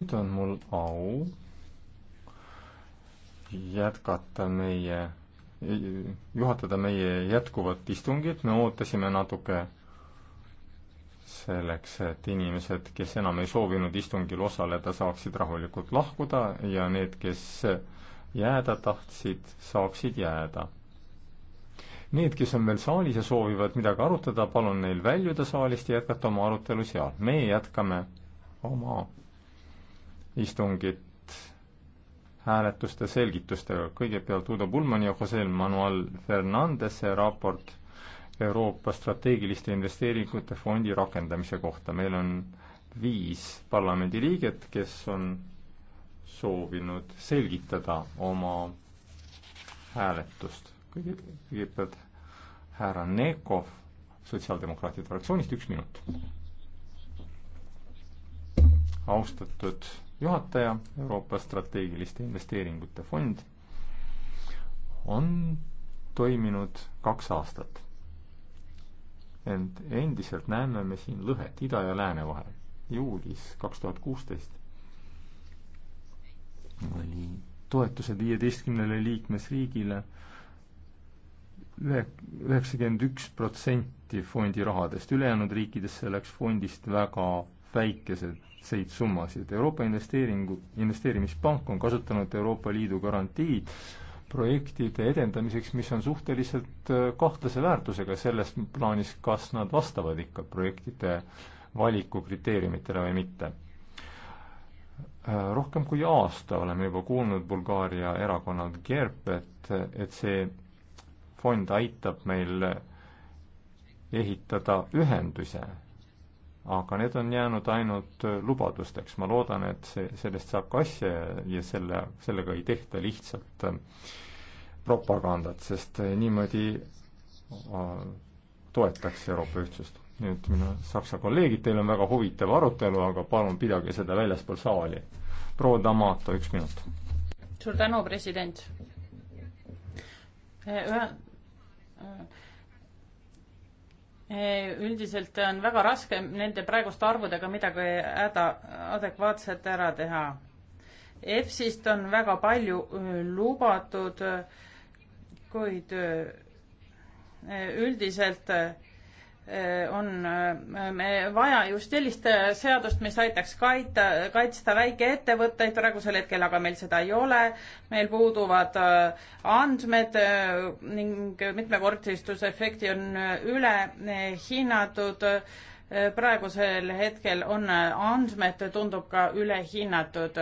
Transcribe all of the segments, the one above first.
nüüd on mul au jätkata meie, juhatada meie jätkuvat istungit, me ootasime natuke selleks, et inimesed, kes enam ei soovinud istungil osaleda, saaksid rahulikult lahkuda ja need, kes jääda tahtsid, saaksid jääda. Need, kes on veel saalis ja soovivad midagi arutada, palun neil väljuda saalist ja jätkata oma arutelu seal. meie jätkame oma istungit hääletuste selgitustega. kõigepealt Udo Pulmani ja Jose Manuel Fernandese raport Euroopa strateegiliste investeeringute fondi rakendamise kohta. meil on viis parlamendiliiget, kes on soovinud selgitada oma hääletust. kõige, kõigepealt härra Nekov Sotsiaaldemokraatide fraktsioonist, üks minut. austatud juhataja, Euroopa strateegiliste investeeringute fond on toiminud kaks aastat. ent endiselt näeme me siin lõhet ida ja lääne vahel. juulis kaks tuhat kuusteist oli toetused viieteistkümnele liikmesriigile ühe, üheksakümmend üks protsenti fondi rahadest, ülejäänud riikidesse läks fondist väga väikeseid summasid. Euroopa Investeeringu, Investeerimispank on kasutanud Euroopa Liidu garantiid projektide edendamiseks, mis on suhteliselt äh, kahtlase väärtusega selles plaanis, kas nad vastavad ikka projektide valikukriteeriumitele või mitte. Äh, rohkem kui aasta oleme juba kuulnud Bulgaaria erakonnalt GERP, et, et see fond aitab meil ehitada ühenduse aga need on jäänud ainult äh, lubadusteks. ma loodan, et see, sellest saab ka asja ja selle, sellega ei tehta lihtsalt äh, propagandat, sest äh, niimoodi toetaks Euroopa ühtsust. nüüd minu saksa kolleegid, teil on väga huvitav arutelu, aga palun pidage seda väljaspool saali. proua Damato, üks minut. suur tänu, president. ühe Eh, üldiselt on väga raske nende praeguste arvudega midagi häda, adekvaatset ära teha. EFSist on väga palju eh, lubatud, kuid eh, üldiselt on vaja just sellist seadust, mis aitaks kaita, kaitsta väikeettevõtteid, praegusel hetkel aga meil seda ei ole, meil puuduvad äh, andmed äh, ning mitmekordistusefekti on üle äh, hinnatud, praegusel hetkel on andmed, tundub ka ülehinnatud.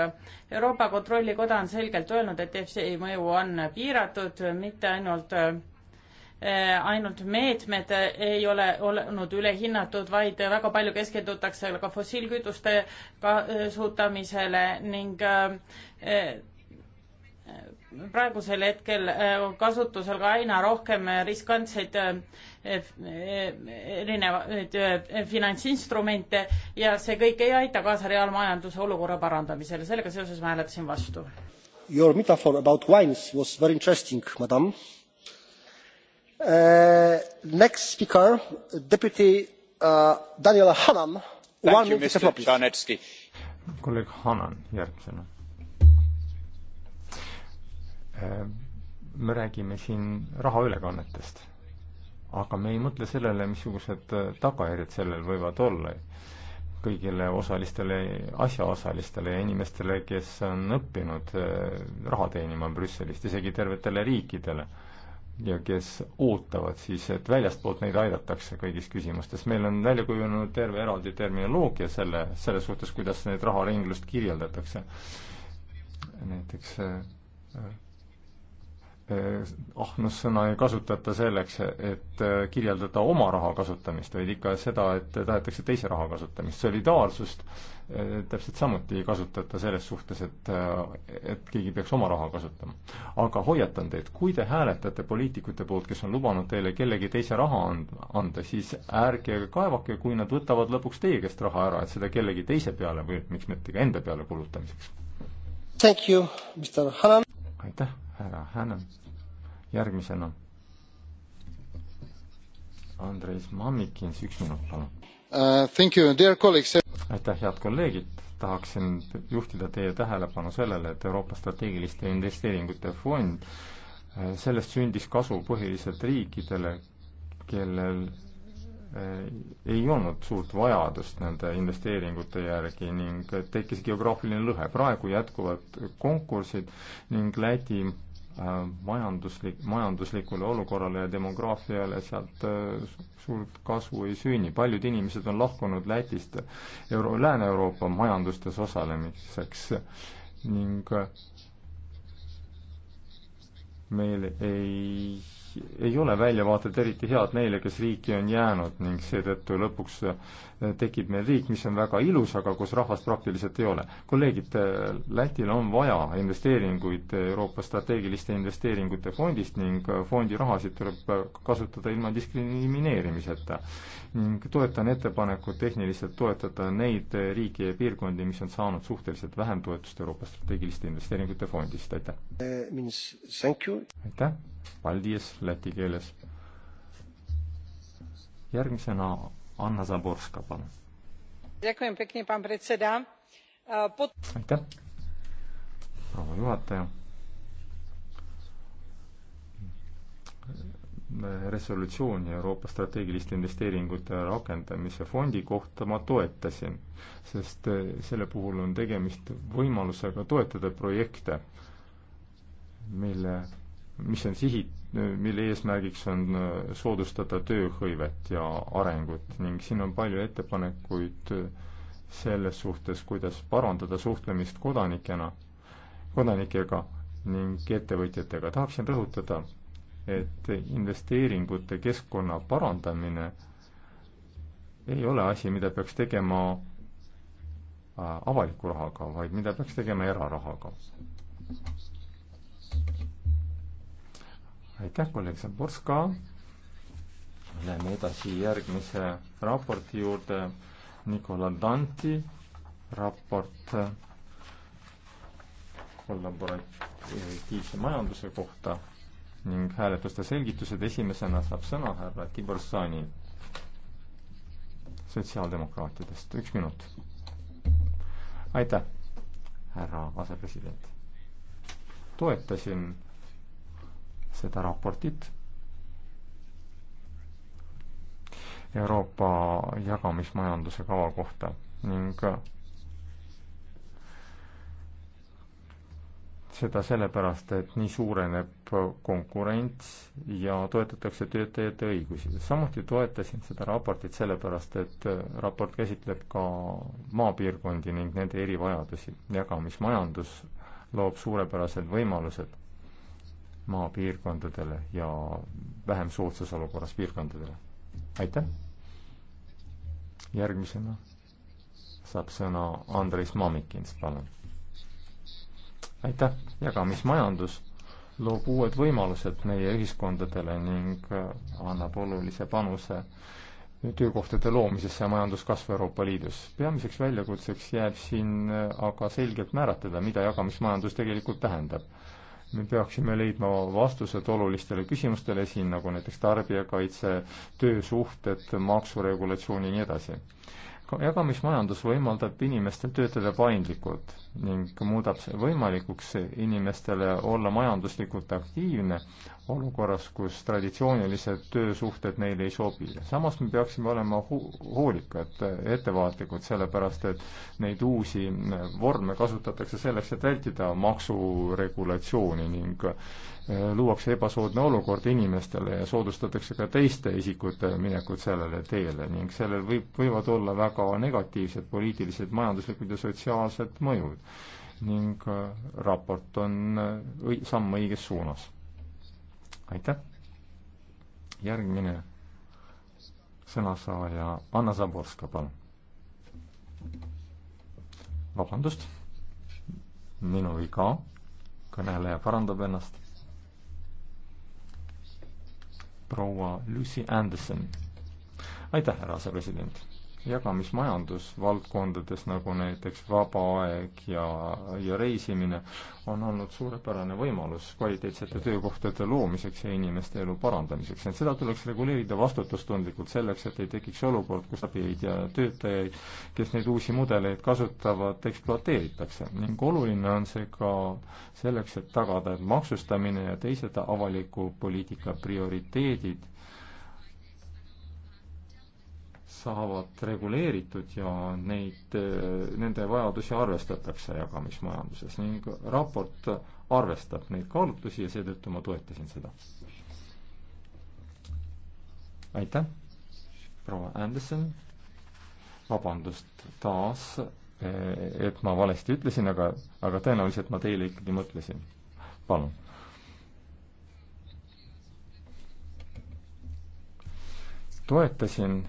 Euroopa Kontrollikoda on selgelt öelnud, et EFSI mõju on piiratud, mitte ainult Eh, ainult meetmed ei ole olnud ülehinnatud, vaid väga palju keskendutakse ka fossiilkütuste kasutamisele eh, ning eh, praegusel hetkel kasutusel ka aina rohkem riskantseid erinevaid finantsinstrumente ja see kõik ei aita kaasa reaalmajanduse olukorra parandamisele. sellega seoses ma hääletasin vastu. Your metaphor about wines was very interesting, madam Uh, uh, mr president kolleeg hannan järgmisena. Uh, me räägime siin rahaülekannetest aga me ei mõtle sellele missugused tagajärjed sellel võivad olla kõigile osalistele asjaosalistele ja inimestele kes on õppinud raha teenima brüsselist isegi tervetele riikidele ja kes ootavad siis, et väljastpoolt neid aidatakse kõigis küsimustes. meil on välja kujunenud terve eraldi terminoloogia selle, selle suhtes, kuidas neid raharinglust kirjeldatakse. näiteks äh, Eh, ahnus-sõna ei kasutata selleks, et eh, kirjeldada oma raha kasutamist, vaid ikka seda, et tahetakse teise raha kasutamist. solidaarsust eh, täpselt samuti ei kasutata selles suhtes, et, et keegi peaks oma raha kasutama. aga hoiatan teid, kui te hääletate poliitikute poolt, kes on lubanud teile kellegi teise raha andma, anda, siis ärge kaevake, kui nad võtavad lõpuks teie käest raha ära, et seda kellegi teise peale või miks mitte ka enda peale kulutamiseks. aitäh härra Hännan. järgmisena Andres Mammikins, üks minut, palun uh,. Thank you, dear colleagues. Uh, aitäh, head kolleegid, tahaksin juhtida teie tähelepanu sellele, et Euroopa strateegiliste investeeringute fond, uh, sellest sündis kasu põhiliselt riikidele, kellel Äh, ei olnud suurt vajadust nende investeeringute järgi ning tekkis geograafiline lõhe. praegu jätkuvad konkursid ning Läti äh, majanduslik, majanduslikule olukorrale ja demograafiale sealt äh, suurt kasu ei sünni. paljud inimesed on lahkunud Lätist Euro-, Lääne-Euroopa majandustes osalemiseks ning meil ei ei ole väljavaated eriti head neile, kes riiki on jäänud ning seetõttu lõpuks tekib meil riik, mis on väga ilus, aga kus rahvast praktiliselt ei ole. kolleegid, Lätil on vaja investeeringuid Euroopa strateegiliste investeeringute fondist ning fondi rahasid tuleb kasutada ilma diskrimineerimiseta. ning toetan ettepanekut tehniliselt toetada neid riike ja piirkondi, mis on saanud suhteliselt vähem toetust Euroopa strateegiliste investeeringute fondist, aitäh! aitäh, Paldies läti keeles. järgmisena Anna Zaborska, palun. E, aitäh, proua juhataja. resolutsiooni Euroopa strateegiliste investeeringute rakendamise fondi kohta ma toetasin, sest e, selle puhul on tegemist võimalusega toetada projekte, mille mis on sihid, mille eesmärgiks on äh, soodustada tööhõivet ja arengut ning siin on palju ettepanekuid äh, selles suhtes, kuidas parandada suhtlemist kodanikena, kodanikega ning ettevõtjatega. tahaksin rõhutada, et investeeringute keskkonna parandamine ei ole asi, mida peaks tegema äh, avaliku rahaga, vaid mida peaks tegema erarahaga aitäh, kolleeg Zaborska. Läheme edasi järgmise raporti juurde. Nicola Danti raport kollaboratiivse majanduse kohta ning hääletuste selgitused. esimesena saab sõna härra Tibor Sani sotsiaaldemokraatidest. üks minut. aitäh, härra asepresident. toetasin seda raportit. Euroopa jagamismajanduse kava kohta ning seda sellepärast, et nii suureneb konkurents ja toetatakse töötajate õigusi. samuti toetasin seda raportit sellepärast, et raport käsitleb ka maapiirkondi ning nende erivajadusi. jagamismajandus loob suurepärased võimalused maapiirkondadele ja vähem soodsas olukorras piirkondadele. aitäh! järgmisena saab sõna Andres Mamikins, palun. aitäh, jagamismajandus loob uued võimalused meie ühiskondadele ning äh, annab olulise panuse töökohtade loomisesse ja majanduskasvu Euroopa Liidus. peamiseks väljakutseks jääb siin äh, aga selgelt määratleda, mida jagamismajandus tegelikult tähendab me peaksime leidma vastused olulistele küsimustele siin, nagu näiteks tarbijakaitse, töösuhted, maksuregulatsioon ja nii edasi. jagamismajandus võimaldab inimestel töötada paindlikult ning muudab see võimalikuks inimestele olla majanduslikult aktiivne olukorras, kus traditsioonilised töösuhted neile ei sobi. samas me peaksime olema hu-, hoolikad, ettevaatlikud, sellepärast et neid uusi vorme kasutatakse selleks, et vältida maksuregulatsiooni ning äh, luuakse ebasoodne olukord inimestele ja soodustatakse ka teiste isikute minekut sellele teele ning sellel võib, võivad olla väga negatiivsed poliitilised, majanduslikud ja sotsiaalsed mõjud ning äh, raport on äh, õi-, samm õiges suunas. aitäh! järgmine sõnasaaja Anna Zaborska, palun. vabandust, minu viga, kõneleja parandab ennast. proua Lucy Anderson. aitäh, härra asepresident jagamismajandus valdkondades, nagu näiteks vaba aeg ja, ja reisimine, on olnud suurepärane võimalus kvaliteetsete töökohtade loomiseks ja inimeste elu parandamiseks. et seda tuleks reguleerida vastutustundlikult, selleks et ei tekiks olukord, kus abijaid ja töötajaid, kes neid uusi mudeleid kasutavad, ekspluateeritakse. ning oluline on see ka selleks, et tagada, et maksustamine ja teised avaliku poliitika prioriteedid saavad reguleeritud ja neid, nende vajadusi arvestatakse jagamismajanduses ning raport arvestab neid kaalutlusi ja seetõttu ma toetasin seda. aitäh, proua Anderson, vabandust taas, et ma valesti ütlesin, aga, aga tõenäoliselt ma teile ikkagi mõtlesin. palun toetasin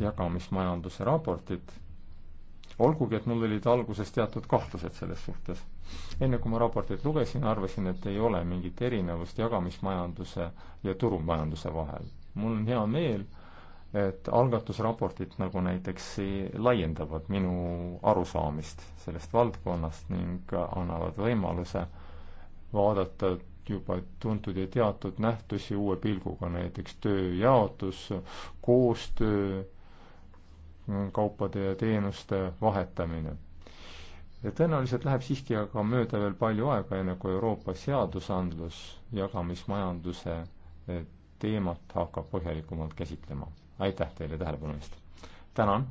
jagamismajanduse raportit, olgugi et mul olid alguses teatud kahtlused selles suhtes. enne kui ma raportit lugesin, arvasin, et ei ole mingit erinevust jagamismajanduse ja turumajanduse vahel. mul on hea meel, et algatusraportid nagu näiteks laiendavad minu arusaamist sellest valdkonnast ning annavad võimaluse vaadata juba tuntud ja teatud nähtusi uue pilguga, näiteks tööjaotus, koostöö, kaupade ja teenuste vahetamine. ja tõenäoliselt läheb siiski aga mööda veel palju aega, enne kui Euroopa seadusandlus jagamismajanduse eh, teemat hakkab põhjalikumalt käsitlema. aitäh teile tähelepanu eest! tänan!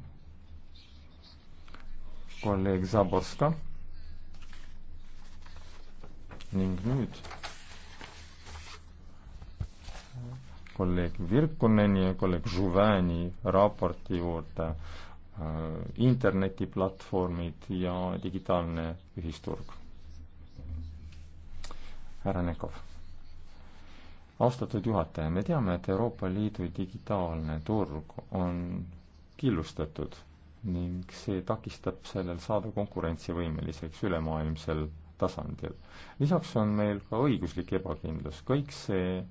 kolleeg Zaborska ning nüüd kolleeg Virkuneni ja kolleeg Žuvääni raporti juurde äh, internetiplatvormid ja digitaalne ühisturg. härra Nekov. austatud juhataja, me teame, et Euroopa Liidu digitaalne turg on killustatud ning see takistab sellel saada konkurentsivõimeliseks ülemaailmsel tasandil. lisaks on meil ka õiguslik ebakindlus, kõik see äh,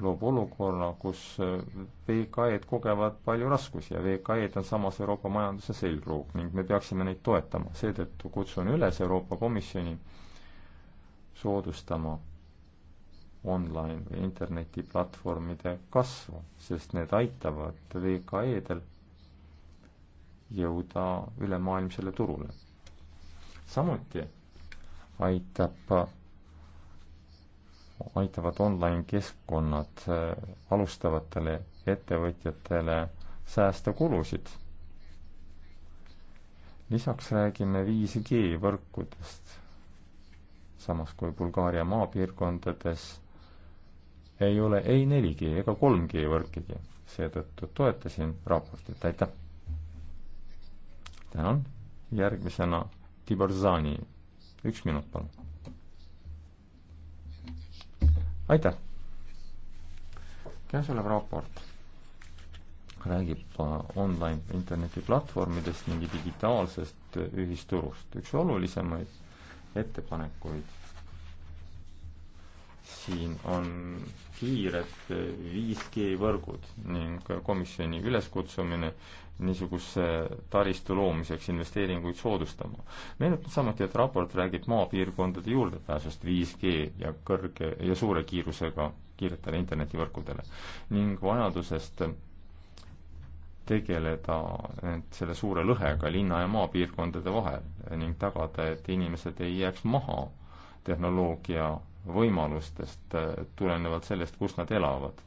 loob olukorra, kus eh, VKE-d kogevad palju raskusi ja VKE-d on samas Euroopa majanduse selgroog ning me peaksime neid toetama. seetõttu kutsun üles Euroopa Komisjoni soodustama online või internetiplatvormide kasvu, sest need aitavad VKE-del jõuda ülemaailmsele turule. samuti aitab aitavad online-keskkonnad eh, alustavatele ettevõtjatele säästa kulusid. lisaks räägime 5G võrkudest, samas kui Bulgaaria maapiirkondades ei ole ei 4G ega 3G võrkigi, seetõttu toetasin raportit, aitäh! tänan, järgmisena Tibor Zani, üks minut palun aitäh! käesolev raport räägib online internetiplatvormidest ning digitaalsest ühisturust. üks olulisemaid ettepanekuid siin on kiired 5G võrgud ning komisjoni üleskutsumine niisuguse taristu loomiseks investeeringuid soodustama. meenutan samuti, et raport räägib maapiirkondade juurdepääsust 5G ja kõrge ja suure kiirusega kiiretele internetivõrkudele ning vajadusest tegeleda selle suure lõhega linna ja maapiirkondade vahel ning tagada, et inimesed ei jääks maha tehnoloogia võimalustest äh, tulenevalt sellest, kus nad elavad.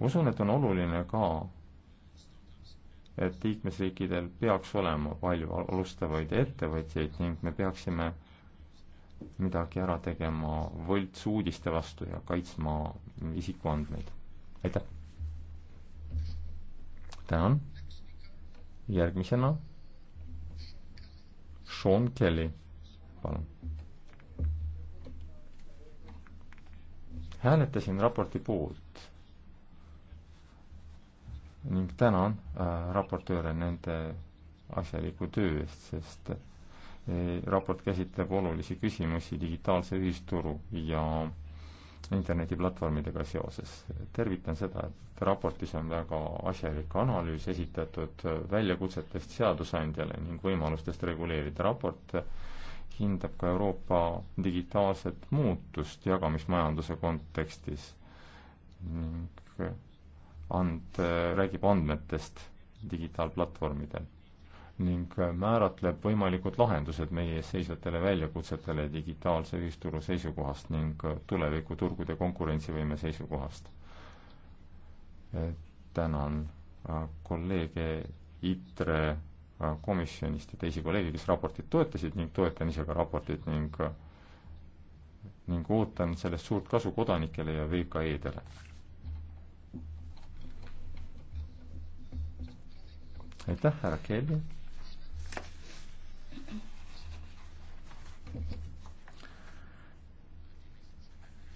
usun, et on oluline ka, et liikmesriikidel peaks olema palju alustavaid ettevõtjaid ning me peaksime midagi ära tegema võltsuudiste vastu ja kaitsma isikuandmeid. aitäh! tänan! järgmisena Sean Kelly, palun! hääletasin raporti poolt ning tänan äh, raportööre nende asjaliku töö eest, sest äh, raport käsitleb olulisi küsimusi digitaalse ühisturu ja internetiplatvormidega seoses. tervitan seda, et raportis on väga asjalik analüüs esitatud väljakutsetest seadusandjale ning võimalustest reguleerida. raport äh, hindab ka Euroopa digitaalset muutust jagamismajanduse kontekstis ning and-, räägib andmetest digitaalplatvormidel ning määratleb võimalikud lahendused meie ees seisvatele väljakutsetele digitaalse ühisturu seisukohast ning tulevikuturgude konkurentsivõime seisukohast. tänan kolleege ITRE komisjonist ja teisi kolleege, kes raportit toetasid ning toetan ise ka raportit ning ning ootan sellest suurt kasu kodanikele ja VKE-dele. aitäh, härra Kelly.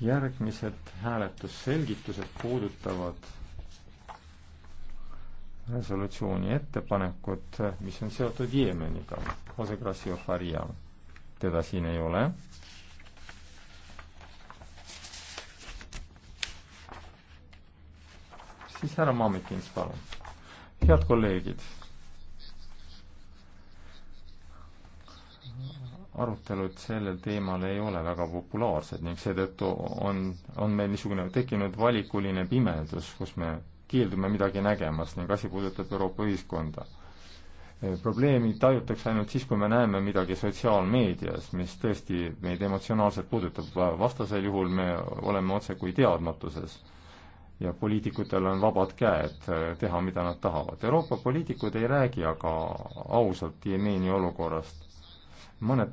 järgmised hääletusselgitused puudutavad resolutsiooni ettepanekut, mis on seotud Jeemeniga. Jose Gracio Faria, teda siin ei ole. siis härra Mamikins, palun. head kolleegid. arutelud sellel teemal ei ole väga populaarsed ning seetõttu on, on meil niisugune tekkinud valikuline pimedus, kus me keeldume midagi nägemas ning asi puudutab Euroopa ühiskonda. Eh, probleemi tajutakse ainult siis, kui me näeme midagi sotsiaalmeedias, mis tõesti meid emotsionaalselt puudutab, vastasel juhul me oleme otsekui teadmatuses ja poliitikutel on vabad käed eh, teha, mida nad tahavad. Euroopa poliitikud ei räägi aga ausalt Jemeeni olukorrast mõned,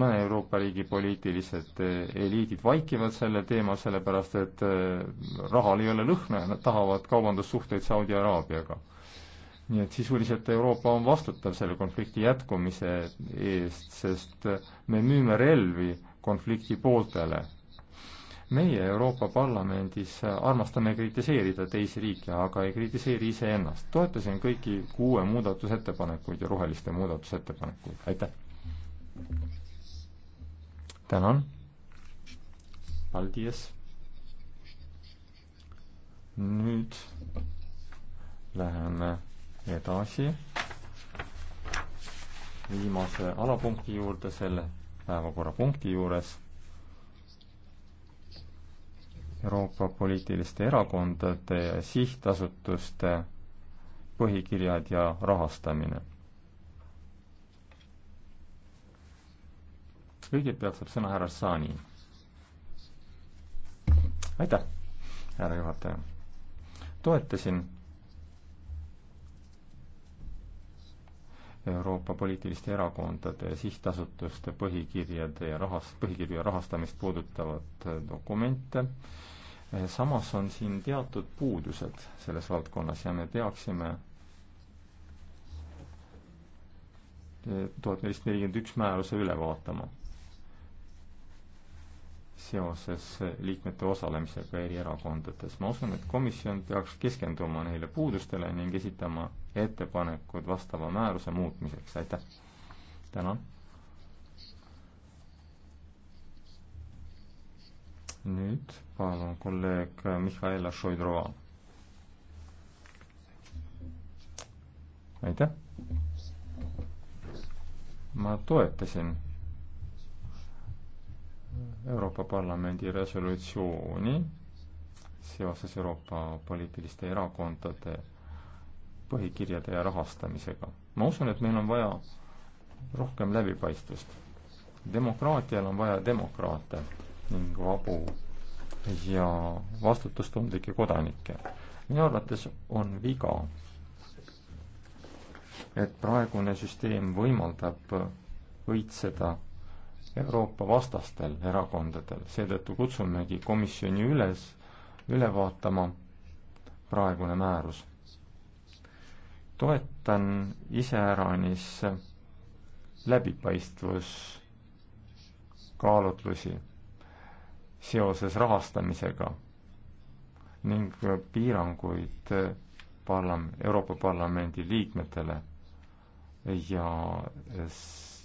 mõne Euroopa riigi poliitilised eh, eliidid vaikivad sellel teemal, sellepärast et eh, rahal ei ole lõhna ja nad tahavad kaubandussuhteid Saudi Araabiaga. nii et sisuliselt Euroopa on vastutav selle konflikti jätkumise eest, sest eh, me müüme relvi konflikti pooltele. meie Euroopa Parlamendis armastame kritiseerida teisi riike, aga ei kritiseeri iseennast. toetasin kõiki kuue muudatusettepanekuid ja roheliste muudatusettepanekuid, aitäh! tänan. Paldies. nüüd läheme edasi viimase alapunkti juurde selle päevakorrapunkti juures. Euroopa poliitiliste erakondade ja sihtasutuste põhikirjad ja rahastamine kõigepealt saab sõna härra Saani. aitäh, härra juhataja. toetasin Euroopa poliitiliste erakondade sihtasutuste põhikirjade ja rahast, põhikirja rahastamist puudutavat dokumente. samas on siin teatud puudused selles valdkonnas ja me peaksime tuhat nelisada nelikümmend üks määruse üle vaatama seoses liikmete osalemisega eri erakondades. ma usun, et komisjon peaks keskenduma neile puudustele ning esitama ettepanekud vastava määruse muutmiseks, aitäh! tänan! nüüd palun kolleeg Mihhaila Šoidrova. aitäh! ma toetasin Euroopa Parlamendi resolutsiooni seoses Euroopa poliitiliste erakondade põhikirjade ja rahastamisega. ma usun, et meil on vaja rohkem läbipaistvust. demokraatial on vaja demokraate ning vabu ja vastutustundlikke kodanikke. minu arvates on viga, et praegune süsteem võimaldab õitseda Euroopa vastastel erakondadel, seetõttu kutsumegi komisjoni üles üle vaatama praegune määrus. toetan iseäranis läbipaistvuskaalutlusi seoses rahastamisega ning piiranguid parlam-, Euroopa Parlamendi liikmetele ja,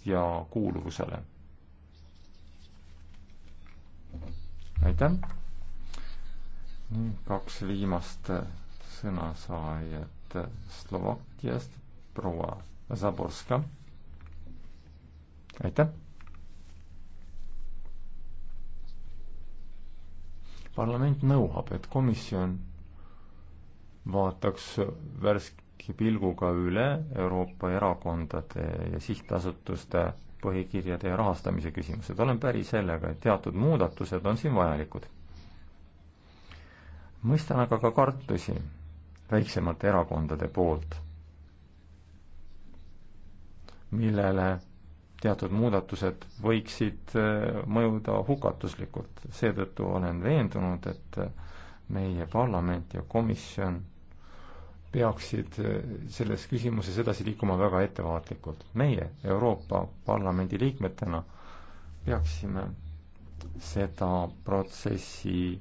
ja kuuluvusele aitäh. kaks viimast sõnasaajat Slovakkiast, proua Zaborska. aitäh. parlament nõuab, et komisjon vaataks värske pilguga üle Euroopa erakondade ja sihtasutuste põhikirjade ja rahastamise küsimused. olen päri sellega, et teatud muudatused on siin vajalikud. mõistan aga ka kartusi väiksemate erakondade poolt, millele teatud muudatused võiksid eh, mõjuda hukatuslikult. seetõttu olen veendunud, et meie parlament ja komisjon peaksid eh, selles küsimuses edasi liikuma väga ettevaatlikult. meie Euroopa Parlamendi liikmetena peaksime seda protsessi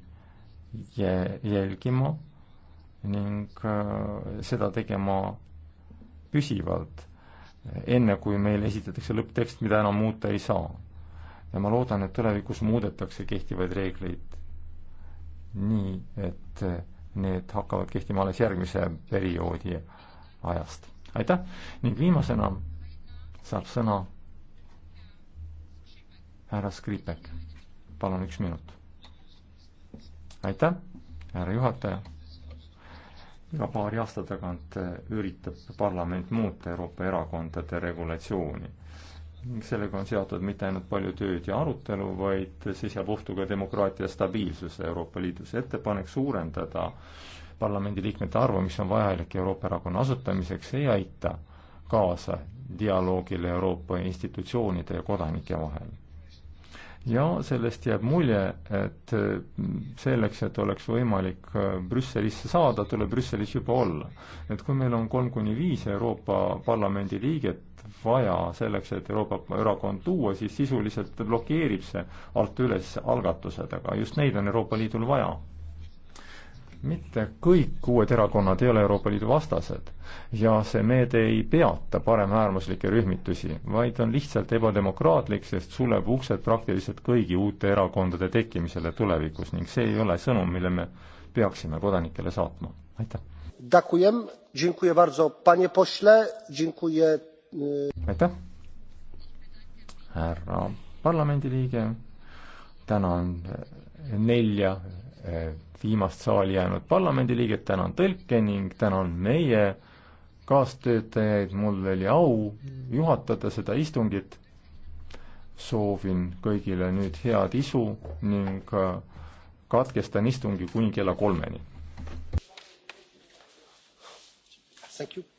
jälgima ning eh, seda tegema püsivalt, enne kui meile esitatakse lõpptekst, mida enam muuta ei saa. ja ma loodan, et tulevikus muudetakse kehtivaid reegleid nii, et eh, need hakkavad kehtima alles järgmise perioodi ajast. aitäh ning viimasena saab sõna härra Skripek. palun üks minut. aitäh, härra juhataja. iga paari aasta tagant üritab parlament muuta Euroopa erakondade regulatsiooni sellega on seotud mitte ainult palju tööd ja arutelu, vaid seisab ohtu ka demokraatia stabiilsuse Euroopa Liidus. ettepanek suurendada parlamendiliikmete arvu, mis on vajalik Euroopa Erakonna asutamiseks, ei aita kaasa dialoogile Euroopa institutsioonide ja kodanike vahel ja sellest jääb mulje, et mm, selleks, et oleks võimalik äh, Brüsselisse saada, tuleb Brüsselis juba olla. et kui meil on kolm kuni viis Euroopa Parlamendi liiget vaja selleks, et Euroopa erakond tuua, siis sisuliselt blokeerib see alt üles algatused, aga just neid on Euroopa Liidul vaja mitte kõik uued erakonnad ei ole Euroopa Liidu vastased ja see meede ei peata paremäärmuslikke rühmitusi, vaid on lihtsalt ebademokraatlik, sest suleb uksed praktiliselt kõigi uute erakondade tekkimisele tulevikus ning see ei ole sõnum, mille me peaksime kodanikele saatma. aitäh! aitäh, härra parlamendiliige, tänan nelja viimast saali jäänud parlamendiliiget, tänan tõlke ning tänan meie kaastöötajaid, mul oli au juhatada seda istungit. soovin kõigile nüüd head isu ning äh, katkestan istungi kuni kella kolmeni. Thank you.